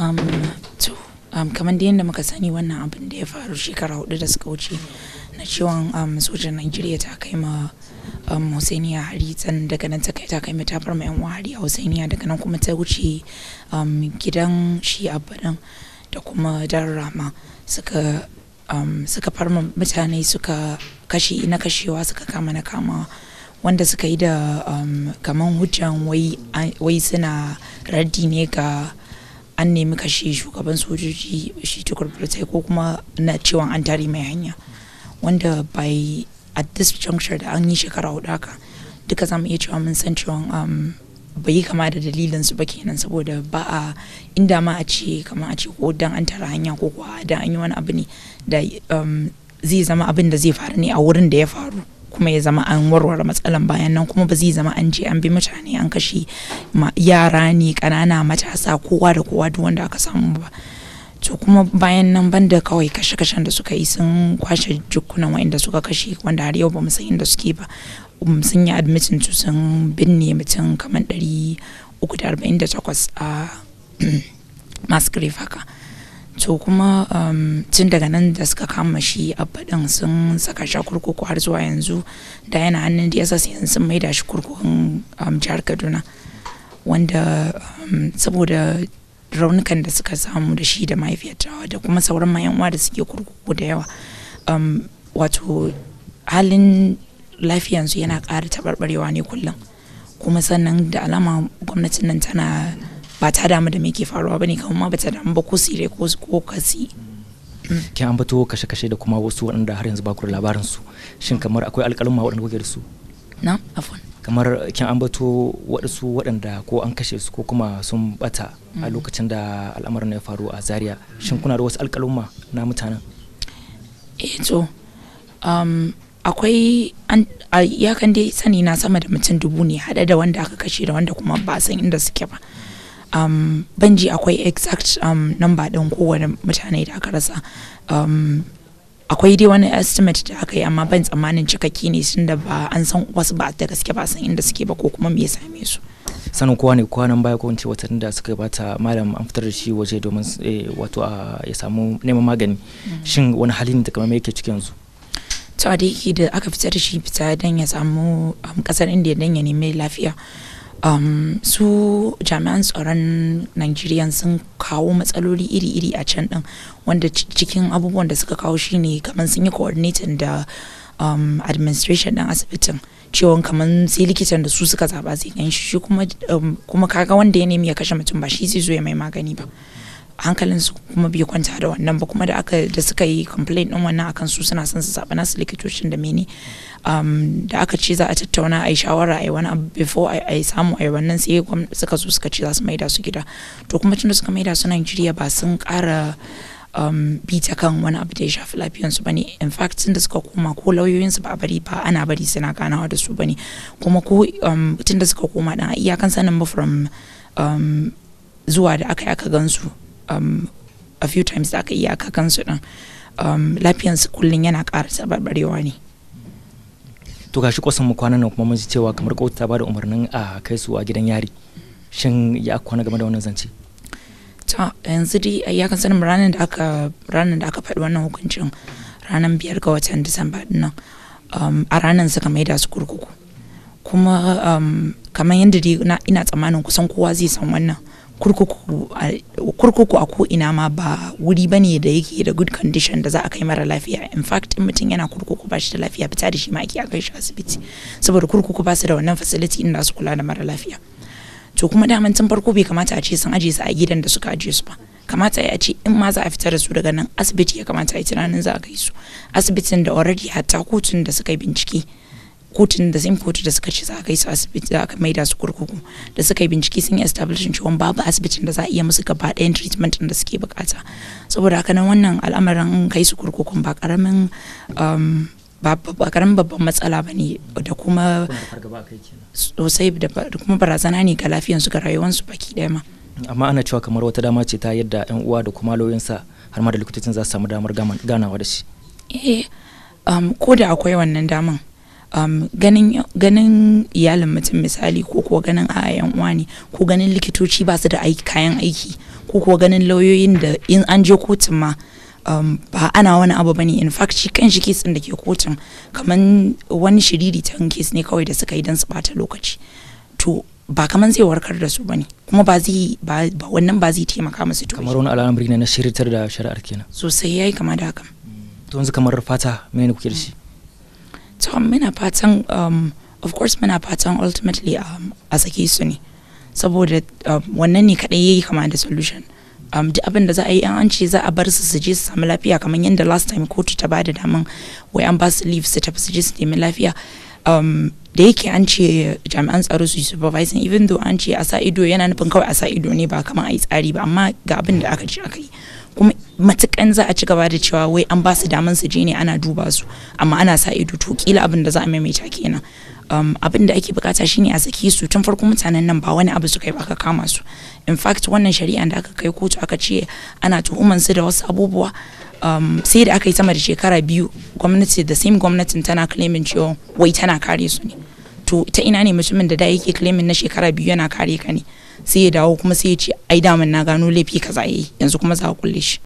Um, um, kamar da yadda muka sani wannan abin da ya faru shekara hudu da suka wuce na ciwon um, sojan Najeriya ta kai ma um, Hussainiya hari tsan daga nan ta kai ta kai ta farma yan wahari a Hussainiya daga nan kuma ta wuce um, gidan shi abadan da kuma darrama suka um, suka farma mutane suka kashe na kashewa suka kama na kama wanda suka yi da um, kaman hujjan wai, wai suna raddi ne ga an nemi kashe shugaban sojoji shi tukur ko kuma na cewa an tare mai hanya wanda by at this juncture da an yi shekara hudu haka duka zamu iya cewa mun san cewa um, bai yi kama da dalilin su ba kenan saboda ba a inda ma a ce kamar a ce ko dan an tara hanya ko kuwa dan an yi wani abu ne da um, zai zama abin da zai faru ne a wurin da ya faru kuma ya zama an warware matsalan bayan nan kuma ba zai zama an je an bi mutane an kashe yara ne kanana matasa kowa da kowa duk wanda aka samu ba to kuma bayan nan banda kawai kashe-kashen da suka yi sun kwashe jukunan wa'inda suka kashe wanda har yau ba mu san inda suke ba sun yi admitin su sun binne mutum kamar 348 a masquerade haka to kuma um, tun daga nan da suka kama shi abadin sun saka sha kurkuku har zuwa yanzu da yana hannun dss yanzu sun maida shi kurkukun um, jihar kaduna wanda um, saboda raunukan da suka samu da shi da mahaifiyarta da kuma sauran mayan da suke kurkuku da yawa wato halin lafiyansu yana ƙara taɓarɓarewa ne kullum kuma sannan da alama gwamnatin nan tana ba ta damu da me ke faruwa bane kamar ma ba ta damu ba ko sire ko ko kasi mm. ki an bato kashe-kashe da kuma wasu waɗanda har yanzu ba ku da labarin su shin mm. kamar akwai alƙaluma waɗanda kuke da su na afon kamar kin ambato waɗansu waɗanda ko an kashe su ko kuma sun bata a mm. lokacin da al'amarin ya faru a zaria shin kuna da wasu ma na mutanen eh to um, akwai ya kan dai sani na sama da mutum dubu ne haɗe da wanda aka kashe da wanda kuma ba san inda suke ba um, banji akwai exact um, number din kowane mutane da aka rasa um, akwai dai wani estimate da aka yi amma ban tsammanin cikakki ne sun da ba an san wasu ba da gaske ba san inda suke ba ko kuma me ya same su sanin kowa ne kowa nan baya ko ce watan da suka bata malam an fitar da shi waje domin eh, wato ya samu neman magani mm. shin wani halin da kamar yake cikin yanzu to da yake da aka fitar da shi fita dan ya samu kasar um, indiya dan ya nemi lafiya um, su jami'an tsaron nigeria sun kawo matsaloli iri-iri a can din wanda cikin abubuwan da suka kawo shine kamar sun yi coordinating da um, administration din asibitin cewa kamar sai likitan da su suka zaba zai ganshi shi kuma, um, kaga wanda ya nemi ya kashe mutum ba shi zai zo ya mai magani ba. hankalinsu kuma bai kwanta da wannan ba kuma da aka da suka yi complain din wannan akan su suna son su zaɓa nasu likitocin da mene um, da aka ce za a tattauna a yi shawara a yi wani before a yi samu a yi wannan sai suka zo suka ce za su maida su gida to kuma tun da suka maida su Najeriya ba sun kara um, bita kan wani abu da ya shafi lafiyansu bane in fact tun da suka koma ko lauyoyinsu ba bari ba ana bari suna ganawa da su bane kuma ko um, tun da suka koma dan iyakan sanin ba from um, zuwa da aka yi aka gansu Um, a few times da aka iya aka kansu din um, lafiyansu kullum yana ƙara sabarbarewa ne to gashi kwasan mu kwanan nan kuma mun ji cewa kamar kotu ta bada umarnin a kai su a gidan yari shin ya kwana game da wannan zance ta yanzu dai ya kan sanin ranar da aka ranar da aka faɗi wannan hukuncin ranar biyar ga watan disamba dinnan um, a ranar suka maida su kurkuku kuma kamar yadda dai ina tsammanin kusan kowa zai san wannan kurkuku a ko ina ma ba wuri ba ne da yake da good condition da za a kai mara lafiya in fact in mutum yana kurkuku ba shi da lafiya fita da shi ma ake a kai shi asibiti saboda kurkuku ba su da wannan facility inda su kula da mara lafiya to kuma daman tun farko bai kamata a ce sun aje su a gidan da suka aje su ba kamata ya ce in ma za a fita da su daga nan asibiti ya kamata a yi tunanin za a kai su asibitin da already hatta kotun da suka yi bincike kotun da same kotu da suka ci za a kai su asibiti aka maida su kurkuku da suka yi bincike sun yi establishing cewa babu asibitin da za a iya musu gaba ɗayan treatment da suke bukata saboda haka nan wannan al'amarin kai su kurkukun ba karamin um, ba karamin babban matsala ba ne da kuma sosai da kuma barazana ne ga lafiyansu ga rayuwarsu baki ɗaya ma amma ana cewa kamar wata dama ce ta yadda yan uwa da kuma sa har ma da likitocin za su samu damar ganawa da shi eh, um, ko da akwai wannan daman um, ganin ganin iyalin mutum misali ko kuwa ganin a yan uwa ne ko ganin likitoci ba su da aiki kayan aiki ko kuwa ganin lauyoyin da in an je kotun ma um, ba ana wani abu bane in fact shi kan shi kesin da ke kotun kaman wani shiriri ta kes ne kawai da suka yi don su bata lokaci to ba kaman zai warkar da su bane kuma ba zai ba, wannan ba zai taimaka musu to kamar wani al'amari ne na shiritar da shari'ar kenan sosai yayi kama da haka to yanzu kamar fata menene kuke da shi to muna fatan um, of course muna fatan ultimately um, a sake su ne saboda um, wannan ne kaɗai yayi kama da solution um, duk abin da za a yi an ce za a bar su su je su samu lafiya kamar yadda last time kotu ta bada daman wai an ba su leave su tafi su je su nemi lafiya um, da yake an ce jami'an tsaro su yi supervising even though an ce a sa ido yana nufin kawai a sa ido ne ba kamar a yi tsari ba amma ga abin da aka ce aka yi kuma matukan za a ci gaba da cewa wai an ba su daman su je ne ana duba su amma ana sa ido to kila abin da za a maimaita kenan um, abin da ake bukata shine a saki su tun farko mutanen nan ba wani abu suka kai aka kama su in fact wannan shari'a da aka kai kotu aka ce ana tuhuman su da wasu abubuwa um, sai da aka yi sama da shekara biyu gwamnati da same gwamnatin tana claiming cewa wai tana kare su ne to ta ina ne mutumin da da yake claiming na shekara biyu yana kare ka ne sai ya dawo kuma sai ya ce ai daman na gano laifi kaza yayi yanzu kuma za a kulle shi